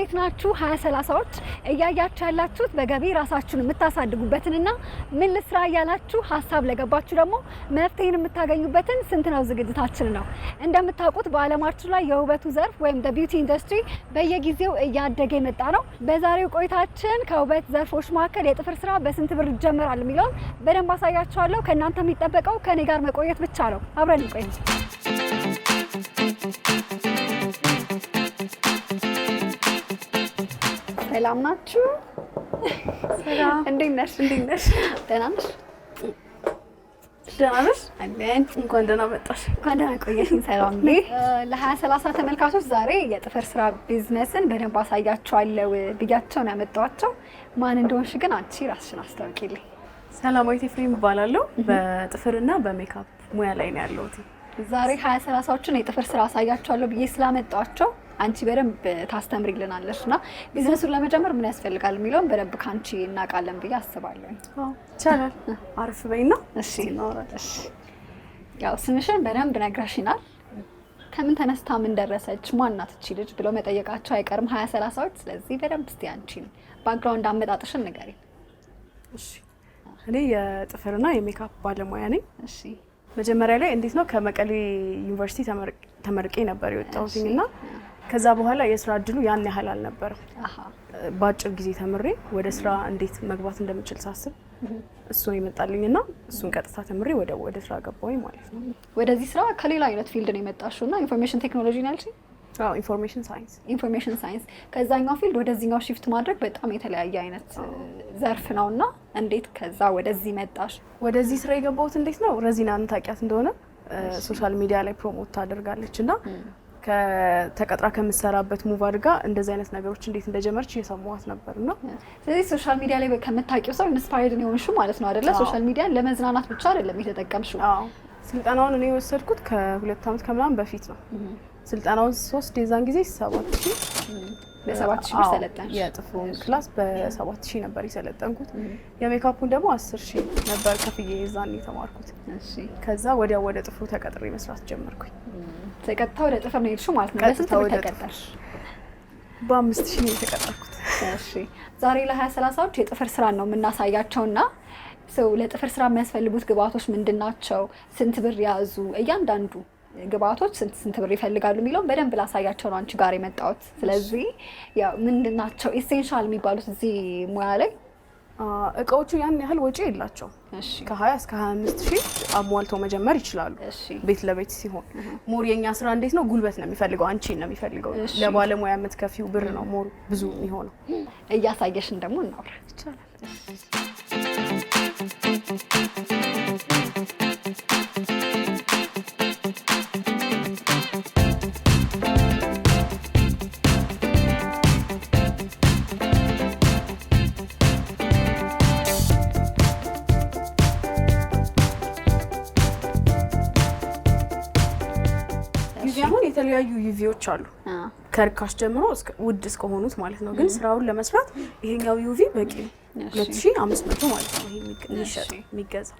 እንዴት ናችሁ? ሀያ ሰላሳዎች እያያችሁ ያላችሁት በገቢ ራሳችሁን የምታሳድጉበትንና ምን ልስራ እያላችሁ ሀሳብ ለገባችሁ ደግሞ መፍትሄን የምታገኙበትን ስንት ነው ዝግጅታችን ነው። እንደምታውቁት በዓለማችን ላይ የውበቱ ዘርፍ ወይም ቢዩቲ ኢንዱስትሪ በየጊዜው እያደገ የመጣ ነው። በዛሬው ቆይታችን ከውበት ዘርፎች መካከል የጥፍር ስራ በስንት ብር ይጀምራል የሚለውን በደንብ አሳያችኋለሁ። ከእናንተ የሚጠበቀው ከኔ ጋር መቆየት ብቻ ነው። አብረን ቆይ ሰላም ናችሁ? እንዴት ነሽ? እንዴት ነሽ? ደህና ነሽ? ደህና ነሽ? አለን። እንኳን ደህና መጣሽ። እንኳን ደህና ሰላም ለሀያ ሰላሳ ተመልካቾች ዛሬ የጥፍር ስራ ቢዝነስን በደንብ አሳያችኋለሁ ብያቸው ነው ያመጣኋቸው። ማን እንደሆንሽ ግን አንቺ ራስሽን አስታውቂልኝ። ሰላማዊት ኤፍሬም እባላለሁ። በጥፍርና በሜካፕ ሙያ ላይ ነው ያለሁት። ዛሬ ሀያ የጥፍር ስራ አሳያችኋለሁ ብዬ ስላመጣኋቸው አንቺ በደንብ ታስተምሪልናለሽ እና ቢዝነሱን ለመጀመር ምን ያስፈልጋል የሚለውን በደንብ ከአንቺ እናውቃለን ብዬ አስባለሁ። ይቻላል። አርፍ በይ ነው። እሺ፣ ያው ስምሽን በደንብ ነግረሽናል። ከምን ተነስታ ምን ደረሰች ማናት እቺ ልጅ ብሎ መጠየቃቸው አይቀርም ሀያ ሰላሳዎች። ስለዚህ በደንብ እስቲ አንቺን ባክግራውንድ አመጣጥሽን ንገሪኝ። እኔ የጥፍርና የሜካፕ ባለሙያ ነኝ። መጀመሪያ ላይ እንዴት ነው ከመቀሌ ዩኒቨርሲቲ ተመርቄ ነበር የወጣሁትኝ እና ከዛ በኋላ የስራ እድሉ ያን ያህል አልነበረም። በአጭር ጊዜ ተምሬ ወደ ስራ እንዴት መግባት እንደምችል ሳስብ እሱ ነው የመጣልኝ እና እሱን ቀጥታ ተምሬ ወደ ወደ ስራ ገባሁኝ ማለት ነው። ወደዚህ ስራ ከሌላ አይነት ፊልድ ነው የመጣሽው እና ኢንፎርሜሽን ቴክኖሎጂ ነው ያልሽኝ? አዎ ኢንፎርሜሽን ሳይንስ። ኢንፎርሜሽን ሳይንስ ከዛኛው ፊልድ ወደዚህኛው ሽፍት ማድረግ በጣም የተለያየ አይነት ዘርፍ ነው እና እንዴት ከዛ ወደዚህ መጣሽ? ወደዚህ ስራ የገባሁት እንዴት ነው ረዚናን ታውቂያት እንደሆነ ሶሻል ሚዲያ ላይ ፕሮሞት ታደርጋለች እና ከተቀጥራ ከምሰራበት ሙቭ አድርጋ እንደዚህ አይነት ነገሮች እንዴት እንደጀመረች እየሰማኋት ነበር እና ስለዚህ ሶሻል ሚዲያ ላይ ከምታውቂው ሰው ኢንስፓየርድ ነው የሆንሽው ማለት ነው አይደለ? ሶሻል ሚዲያን ለመዝናናት ብቻ አይደለም የተጠቀምሽው። ስልጠናውን እኔ የወሰድኩት ከሁለት ዓመት ከምናምን በፊት ነው። ስልጠናውን ሶስት የዛን ጊዜ ሰባት በሰባት ሺህ ብር ሰለጠንሽ? የጥፍሩን ክላስ በሰባት ሺህ ነበር የሰለጠንኩት። የሜካፑን ደግሞ አስር ሺህ ነበር ከፍዬ የዛን የተማርኩት። ከዛ ወዲያው ወደ ጥፍሩ ተቀጥሬ መስራት ጀመርኩኝ። ተቀጥታ ወደ ጥፍር ነው የሄድሽው ማለት ነው? ለስንት ብር ተቀጠርሽ? በአምስት ሺህ ነው የተቀጠርኩት። ዛሬ ለሀያ ሰላሳዎች የጥፍር ስራ ነው የምናሳያቸውና ለጥፍር ስራ የሚያስፈልጉት ግብአቶች ምንድን ናቸው? ስንት ብር ያዙ? እያንዳንዱ ግብአቶች ስንት ስንት ብር ይፈልጋሉ የሚለውን በደንብ ላሳያቸው ነው አንቺ ጋር የመጣሁት። ስለዚህ ምንድን ናቸው ኢሴንሻል የሚባሉት እዚህ ሙያ ላይ እቃዎቹ ያን ያህል ወጪ የላቸው ከ20 እስከ 25 ሺህ አሟልተው መጀመር ይችላሉ። ቤት ለቤት ሲሆን ሞር የኛ ስራ እንዴት ነው? ጉልበት ነው የሚፈልገው፣ አንቺ ነው የሚፈልገው። ለባለሙያ የምትከፊው ብር ነው ሞር ብዙ የሚሆነው። እያሳየሽን ደግሞ እናውራ ይቻላል። ስራዎች አሉ ከርካሽ ጀምሮ ውድ እስከሆኑት ማለት ነው። ግን ስራውን ለመስራት ይሄኛው ዩቪ በቂ ነው። ሁለት ሺህ አምስት መቶ ማለት ነው የሚሸጥ የሚገዛ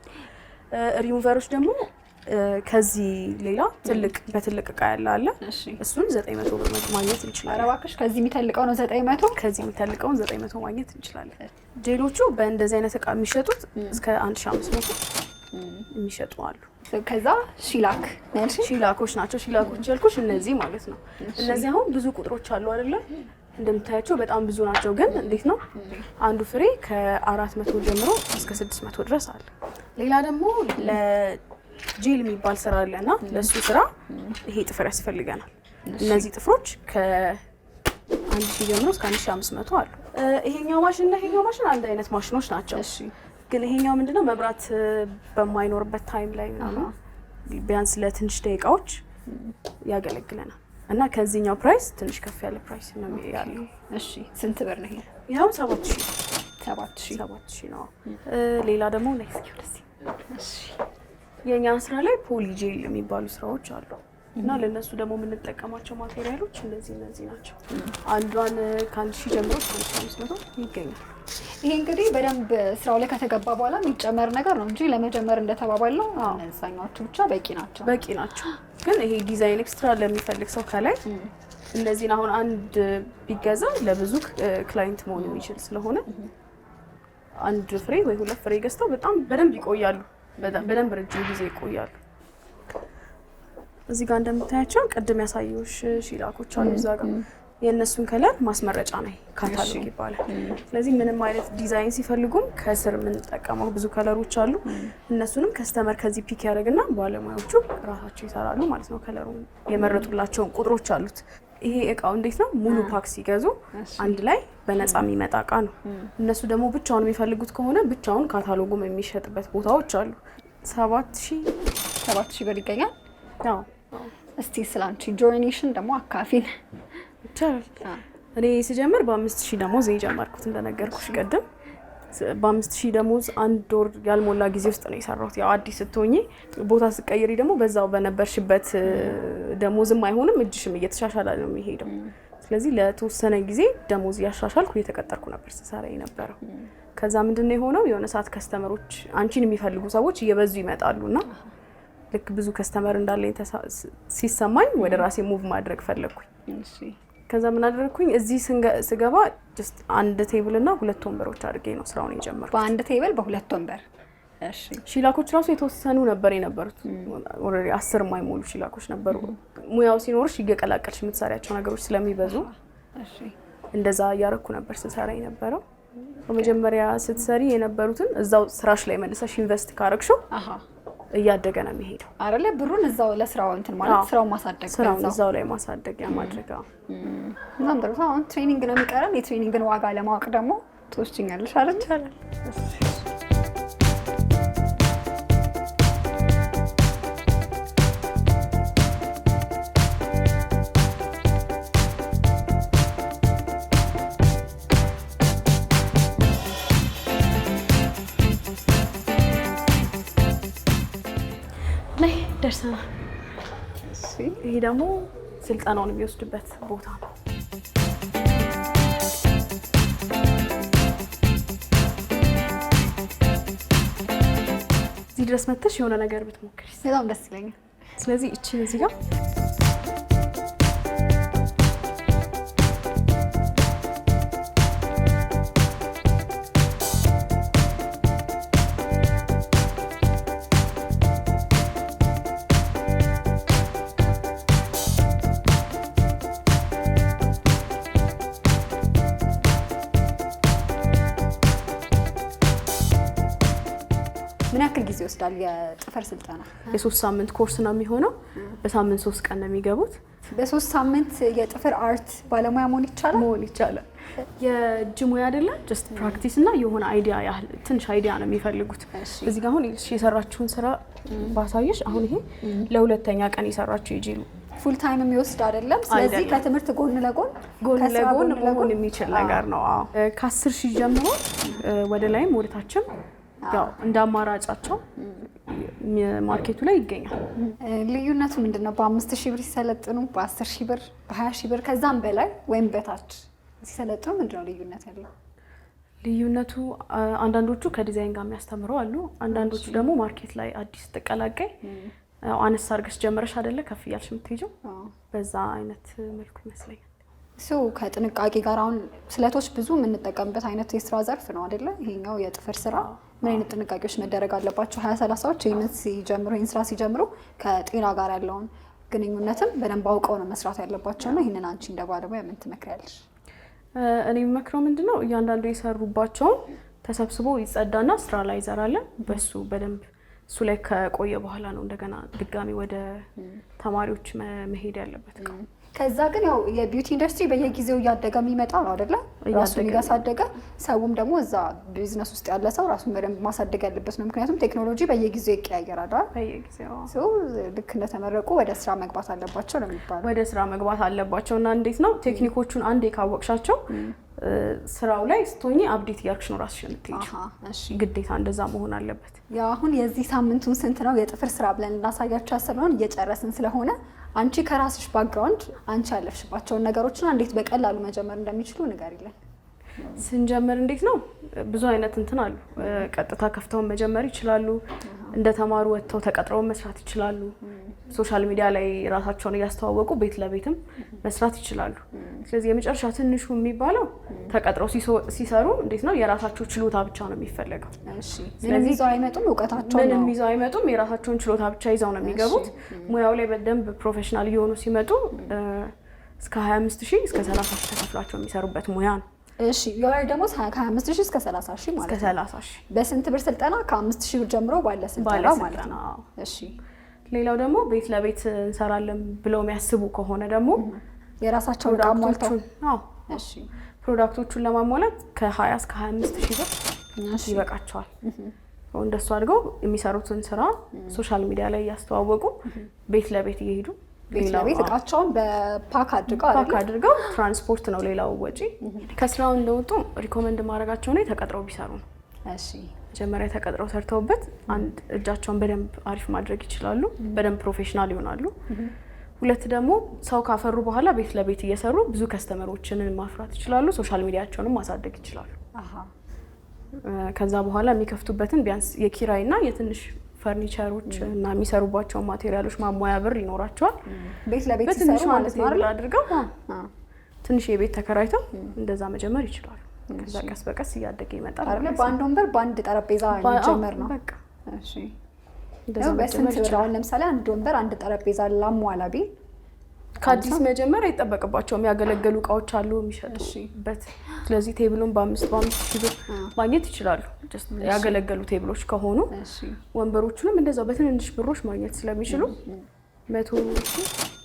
ሪሙቨሮች ደግሞ ከዚህ ሌላ ትልቅ በትልቅ እቃ ያለ አለ። እሱን ዘጠኝ መቶ ብር ማግኘት እንችላለን። እባክሽ ከዚህ የሚተልቀው ነው ዘጠኝ መቶ ከዚህ የሚተልቀውን ዘጠኝ መቶ ማግኘት እንችላለን። ጄሎቹ በእንደዚህ አይነት እቃ የሚሸጡት እስከ አንድ ሺህ አምስት መቶ የሚሸጡ አሉ። ከዛ ሺላክ ሺላኮች ናቸው። ሺላኮች ያልኩሽ እነዚህ ማለት ነው። እነዚህ አሁን ብዙ ቁጥሮች አሉ አይደለ? እንደምታያቸው በጣም ብዙ ናቸው። ግን እንዴት ነው አንዱ ፍሬ ከአራት መቶ ጀምሮ እስከ ስድስት መቶ ድረስ አለ። ሌላ ደግሞ ለጄል የሚባል ስራ አለ እና ለእሱ ስራ ይሄ ጥፍር ያስፈልገናል። እነዚህ ጥፍሮች ከአንድ ሺህ ጀምሮ እስከ አንድ ሺህ አምስት መቶ አሉ። ይሄኛው ማሽን እና ይሄኛው ማሽን አንድ አይነት ማሽኖች ናቸው። ግን ይሄኛው ምንድነው መብራት በማይኖርበት ታይም ላይ ቢያንስ ለትንሽ ደቂቃዎች ያገለግለናል እና ከዚህኛው ፕራይስ ትንሽ ከፍ ያለ ፕራይስ ነው ያለው። እሺ ስንት ብር ነው ይሄ? ሰባት ሰባት ሰባት ነው። ሌላ ደግሞ ኔክስኪው ደስ የእኛ ስራ ላይ ፖሊጄል የሚባሉ ስራዎች አሉ። እና ለእነሱ ደግሞ የምንጠቀማቸው ማቴሪያሎች እነዚህ እነዚህ ናቸው። አንዷን ከአንድ ሺህ ጀምሮ ከአንድ አምስት መቶ ይገኛል። ይሄ እንግዲህ በደንብ ስራው ላይ ከተገባ በኋላ የሚጨመር ነገር ነው እንጂ ለመጀመር እንደተባባለው እነዛኛዎቹ ብቻ በቂ ናቸው በቂ ናቸው። ግን ይሄ ዲዛይን ኤክስትራ ለሚፈልግ ሰው ከላይ እነዚህን አሁን አንድ ቢገዛ ለብዙ ክላይንት መሆን የሚችል ስለሆነ አንድ ፍሬ ወይ ሁለት ፍሬ ገዝተው በጣም በደንብ ይቆያሉ። በደንብ ረጅም ጊዜ ይቆያሉ። እዚህ ጋር እንደምታያቸው ቅድም ያሳየሁሽ ሺላኮች አሉ እዛ ጋር የእነሱን ከለር ማስመረጫ ነው ካታሎግ ይባላል። ስለዚህ ምንም አይነት ዲዛይን ሲፈልጉም ከስር የምንጠቀመው ብዙ ከለሮች አሉ። እነሱንም ከስተመር ከዚህ ፒክ ያደርግና ባለሙያዎቹ ራሳቸው ይሰራሉ ማለት ነው። ከለሩ የመረጡላቸውን ቁጥሮች አሉት። ይሄ እቃው እንዴት ነው ሙሉ ፓክ ሲገዙ አንድ ላይ በነፃ የሚመጣ እቃ ነው። እነሱ ደግሞ ብቻውን የሚፈልጉት ከሆነ ብቻውን ካታሎጉም የሚሸጥበት ቦታዎች አሉ። ሰባት ሺህ ሰባት ሺህ ብር ይገኛል። እስቲ አንቺ ጆርኒሽን ደግሞ አካፊን። እኔ ስጀምር በአምስት ሺህ ደሞዝ ነው የጀመርኩት እንደነገርኩሽ ቅድም። በአምስት ሺህ ደሞዝ አንድ ወር ያልሞላ ጊዜ ውስጥ ነው የሰራሁት። ያው አዲስ ስትሆኝ ቦታ ስቀይሪ ደግሞ በዛው በነበርሽበት ደሞዝም አይሆንም፣ እጅሽም እየተሻሻለ ነው የሚሄደው። ስለዚህ ለተወሰነ ጊዜ ደሞዝ እያሻሻልኩ እየተቀጠርኩ ነበር ስሰራ የነበረው። ከዛ ምንድን የሆነው የሆነ ሰዓት ከስተመሮች አንቺን የሚፈልጉ ሰዎች እየበዙ ይመጣሉ እና ልክ ብዙ ከስተመር እንዳለ ሲሰማኝ ወደ ራሴ ሙቭ ማድረግ ፈለግኩኝ። ከዛ ምን አደረግኩኝ? እዚህ ስገባ ጀስት አንድ ቴብል እና ሁለት ወንበሮች አድርጌ ነው ስራውን የጀመርኩት። በአንድ ቴብል በሁለት ወንበር ሺላኮች ራሱ የተወሰኑ ነበር የነበሩት። ኦልሬዲ አስር የማይሞሉ ሺላኮች ነበሩ። ሙያው ሲኖርሽ እየቀላቀልሽ የምትሰሪያቸው ነገሮች ስለሚበዙ እንደዛ እያረኩ ነበር ስሰራ የነበረው። በመጀመሪያ ስትሰሪ የነበሩትን እዛው ስራሽ ላይ መልሰሽ ኢንቨስት ካረግሽው እያደገ ነው የሚሄደው አይደለ? ብሩን እዛው ለስራው እንትን ማለት ስራው ማሳደግ ስራውን እዛው ላይ ማሳደግ ማድረግ እናም ጥሩ። አሁን ትሬኒንግ ነው የሚቀረን። የትሬኒንግን ዋጋ ለማወቅ ደግሞ ትወስጂኛለሽ ይቻላል። ላይ ደርሰናል። ይሄ ደግሞ ስልጠናውን የሚወስድበት ቦታ ነው። እዚህ ድረስ መጥተሽ የሆነ ነገር ብትሞክሪ በጣም ደስ ይለኛል። ስለዚህ እቺ እዚህ ጋር ይወስዳል የጥፍር ስልጠና? የሶስት ሳምንት ኮርስ ነው የሚሆነው። በሳምንት ሶስት ቀን ነው የሚገቡት። በሶስት ሳምንት የጥፍር አርት ባለሙያ መሆን ይቻላል መሆን ይቻላል። የእጅ ሙያ አይደለም፣ ጀስት ፕራክቲስ እና የሆነ አይዲያ ያህል ትንሽ አይዲያ ነው የሚፈልጉት። እዚህ ጋር አሁን የሰራችሁን ስራ ባሳየሽ፣ አሁን ይሄ ለሁለተኛ ቀን የሰራችሁ ይጅሉ ፉል ታይም የሚወስድ አይደለም። ስለዚህ ከትምህርት ጎን ለጎን ጎን ለጎን መሆን የሚችል ነገር ነው። ከአስር ሺህ ጀምሮ ወደ ላይም ወደታችም ያው እንደ አማራጫቸው ማርኬቱ ላይ ይገኛል። ልዩነቱ ምንድን ነው? በአምስት ሺህ ብር ሲሰለጥኑ በአስር ሺህ ብር በሀያ ሺህ ብር ከዛም በላይ ወይም በታች ሲሰለጥኑ ምንድን ነው ልዩነት ያለው? ልዩነቱ አንዳንዶቹ ከዲዛይን ጋር የሚያስተምረው አሉ። አንዳንዶቹ ደግሞ ማርኬት ላይ አዲስ ስትቀላቀይ አነስ አድርገሽ ጀምረሽ አይደለ ከፍ እያልሽ የምትሄጂው በዛ አይነት መልኩ ይመስለኛል። እሱ ከጥንቃቄ ጋር አሁን ስለቶች ብዙ የምንጠቀምበት አይነት የስራ ዘርፍ ነው አይደለ? ይሄኛው የጥፍር ስራ ምን አይነት ጥንቃቄዎች መደረግ አለባቸው? ሀያ ሰላሳዎች ይህንን ሲጀምሩ ይህን ስራ ሲጀምሩ ከጤና ጋር ያለውን ግንኙነትም በደንብ አውቀው ነው መስራት ያለባቸው ነው። ይህንን አንቺ እንደ ባለሙያ ምን ትመክሪያለሽ? እኔ የምመክረው ምንድን ነው እያንዳንዱ የሰሩባቸውን ተሰብስቦ ይጸዳና ስራ ላይ ይዘራለን። በሱ በደንብ እሱ ላይ ከቆየ በኋላ ነው እንደገና ድጋሚ ወደ ተማሪዎች መሄድ ያለበት ነው። ከዛ ግን ያው የቢዩቲ ኢንዱስትሪ በየጊዜው እያደገ የሚመጣ ነው አደለ? ራሱን እያሳደገ ሰውም ደግሞ እዛ ቢዝነስ ውስጥ ያለ ሰው ራሱን በደንብ ማሳደግ ያለበት ነው። ምክንያቱም ቴክኖሎጂ በየጊዜው ይቀያየራል። ልክ እንደተመረቁ ወደ ስራ መግባት አለባቸው ነው የሚባለው። ወደ ስራ መግባት አለባቸው እና እንዴት ነው ቴክኒኮቹን አንዴ ካወቅሻቸው ስራው ላይ ስቶኝ አብዴት እያደረግሽ ነው እራስሽ የምትሄጂው። ግዴታ እንደዛ መሆን አለበት። ያው አሁን የዚህ ሳምንቱን ስንት ነው የጥፍር ስራ ብለን እናሳያቸው ያሰብነውን እየጨረስን ስለሆነ አንቺ ከራስሽ ባክግራውንድ አንቺ ያለፍሽባቸውን ነገሮችን እንዴት በቀላሉ መጀመር እንደሚችሉ ንገሪልን። ስንጀምር እንዴት ነው ብዙ አይነት እንትን አሉ። ቀጥታ ከፍተውን መጀመር ይችላሉ። እንደ ተማሩ ወጥተው ተቀጥረውን መስራት ይችላሉ። ሶሻል ሚዲያ ላይ ራሳቸውን እያስተዋወቁ ቤት ለቤትም መስራት ይችላሉ። ስለዚህ የመጨረሻ ትንሹ የሚባለው ተቀጥረው ሲሰሩ እንዴት ነው የራሳቸው ችሎታ ብቻ ነው የሚፈለገው። ምንም ይዘው አይመጡም፣ እውቀታቸው ምንም ይዘው አይመጡም። የራሳቸውን ችሎታ ብቻ ይዘው ነው የሚገቡት። ሙያው ላይ በደንብ ፕሮፌሽናል እየሆኑ ሲመጡ እስከ 25 ሺህ እስከ 30 ሺህ ተከፍሏቸው የሚሰሩበት ሙያ ነው። እሺ የወር ደሞዝ ከ25 ሺህ እስከ 30 ሺህ ማለት ነው። በስንት ብር ስልጠና? ከ5 ሺህ ብር ጀምሮ ባለ ስልጠና ማለት ነው። እሺ ሌላው ደግሞ ቤት ለቤት እንሰራለን ብለው የሚያስቡ ከሆነ ደግሞ የራሳቸው ዕቃ ሟልተው እሺ ፕሮዳክቶቹን ለማሟላት ከ20 እስከ 25 ሺህ ብር ይበቃቸዋል። እንደሱ አድርገው የሚሰሩትን ስራ ሶሻል ሚዲያ ላይ እያስተዋወቁ ቤት ለቤት እየሄዱ ቤት እቃቸውን በፓክ አድርገው ፓክ አድርገው ትራንስፖርት ነው ሌላው ወጪ። ከስራው እንደወጡ ሪኮመንድ ማድረጋቸው ነው ተቀጥረው ቢሰሩ ነው። እሺ መጀመሪያ ተቀጥረው ሰርተውበት አንድ እጃቸውን በደንብ አሪፍ ማድረግ ይችላሉ፣ በደንብ ፕሮፌሽናል ይሆናሉ። ሁለት ደግሞ ሰው ካፈሩ በኋላ ቤት ለቤት እየሰሩ ብዙ ከስተመሮችን ማፍራት ይችላሉ፣ ሶሻል ሚዲያቸውንም ማሳደግ ይችላሉ። ከዛ በኋላ የሚከፍቱበትን ቢያንስ የኪራይና የትንሽ ፈርኒቸሮች እና የሚሰሩባቸው ማቴሪያሎች ማሟያ ብር ይኖራቸዋል። ቤት ለቤት ትንሽ ማለት ነው አድርገው ትንሽ የቤት ተከራይተው እንደዛ መጀመር ይችላሉ። ከዛ ቀስ በቀስ እያደገ ይመጣል። በአንድ ወንበር በአንድ ጠረጴዛ ጀመር ነው። በስንት ብር አሁን ለምሳሌ አንድ ወንበር አንድ ጠረጴዛ ላሟላ ቤት ከአዲስ መጀመር አይጠበቅባቸውም። ያገለገሉ እቃዎች አሉ የሚሸጡበት። ስለዚህ ቴብሉን በአምስት በአምስት ኪሎ ማግኘት ይችላሉ፣ ያገለገሉ ቴብሎች ከሆኑ። ወንበሮቹንም እንደዛው በትንንሽ ብሮች ማግኘት ስለሚችሉ መቶ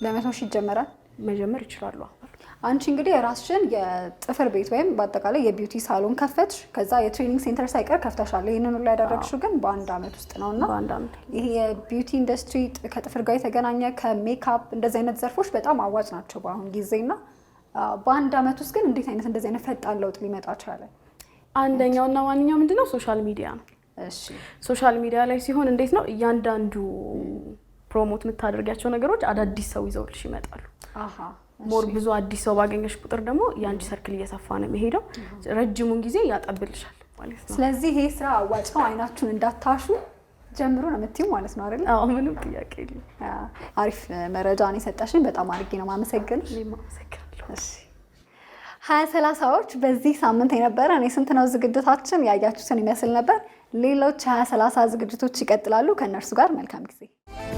ለመቶ ሺህ ይጀመራል መጀመር ይችላሉ። አንቺ እንግዲህ የራስሽን የጥፍር ቤት ወይም በአጠቃላይ የቢዩቲ ሳሎን ከፈትሽ፣ ከዛ የትሬኒንግ ሴንተር ሳይቀር ከፍተሻል። ይህንን ሁሉ ያደረግሽው ግን በአንድ አመት ውስጥ ነው እና ይሄ የቢዩቲ ኢንዱስትሪ ከጥፍር ጋር የተገናኘ ከሜካፕ እንደዚህ አይነት ዘርፎች በጣም አዋጭ ናቸው በአሁን ጊዜና በአንድ አመት ውስጥ ግን እንዴት አይነት እንደዚህ አይነት ፈጣን ለውጥ ሊመጣ ቻለ? አንደኛውና ዋነኛው ምንድነው ሶሻል ሚዲያ ነው። ሶሻል ሚዲያ ላይ ሲሆን እንዴት ነው እያንዳንዱ ፕሮሞት የምታደርጊያቸው ነገሮች አዳዲስ ሰው ይዘውልሽ ይመጣሉ። ሞር ብዙ አዲስ ሰው ባገኘሽ ቁጥር ደግሞ የአንቺ ሰርክል እየሰፋ ነው የሚሄደው። ረጅሙን ጊዜ ያጠብልሻል ማለት ነው። ስለዚህ ይሄ ስራ አዋጭ ነው። አይናችሁን እንዳታሹ ጀምሮ ነው የምትይው ማለት ነው አይደል? አዎ፣ ምንም ጥያቄ የለም። አሪፍ መረጃ ነው የሰጠሽኝ። በጣም አድርጌ ነው የማመሰግንሽ። ሀያ ሰላሳዎች በዚህ ሳምንት የነበረ እኔ ስንት ነው ዝግጅታችን ያያችሁትን ይመስል ነበር። ሌሎች ሀያ ሰላሳ ዝግጅቶች ይቀጥላሉ። ከእነርሱ ጋር መልካም ጊዜ